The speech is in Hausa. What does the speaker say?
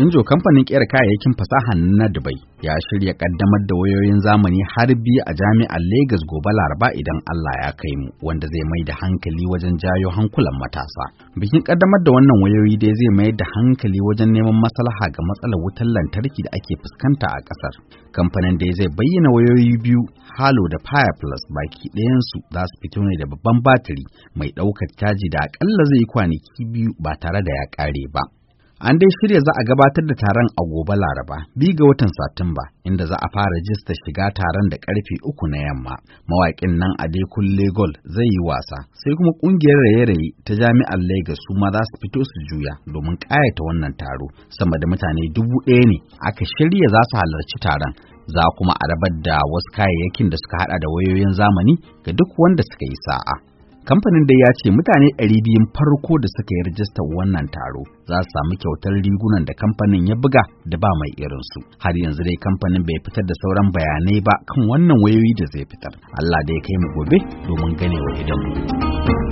Injo kamfanin ƙera kayayyakin fasaha na Dubai ya shirya ƙaddamar da wayoyin zamani har biyu a jami'ar Legas gobe Laraba idan Allah ya kai mu wanda zai mai da hankali wajen jayo hankulan matasa. Bikin ƙaddamar da wannan wayoyi dai zai mai da hankali wajen neman maslaha ga matsalar wutar lantarki da ake fuskanta a ƙasar Kamfanin dai zai bayyana wayoyi biyu Halo da Fire Plus baki ɗayansu za su fito ne da babban batiri mai ɗaukar caji da aƙalla zai yi kwanaki biyu ba tare da ya ƙare ba. An dai shirya za a gabatar da taron a gobe Laraba, bi ga watan Satumba, inda za a fara rajista shiga taron da karfe uku na yamma. Mawaƙin nan a Dekun Legol zai yi wasa, sai kuma ƙungiyar raye-raye ta Jami'ar Legas su ma za su fito su juya domin ƙayata wannan taro. Sama da mutane dubu ɗaya ne aka shirya za su halarci taron. Za kuma a rabar da wasu kayayyakin da suka haɗa da wayoyin zamani ga duk wanda suka yi sa'a. Kamfanin da ya ce mutane 200 farko da suka yi rajistar wannan taro za su samu kyautar rigunan da kamfanin ya buga da ba mai irinsu. Har yanzu dai kamfanin bai fitar da sauran bayanai ba kan wannan wayoyi da zai fitar. Allah da ya kai mu gobe domin ganewa idan mu.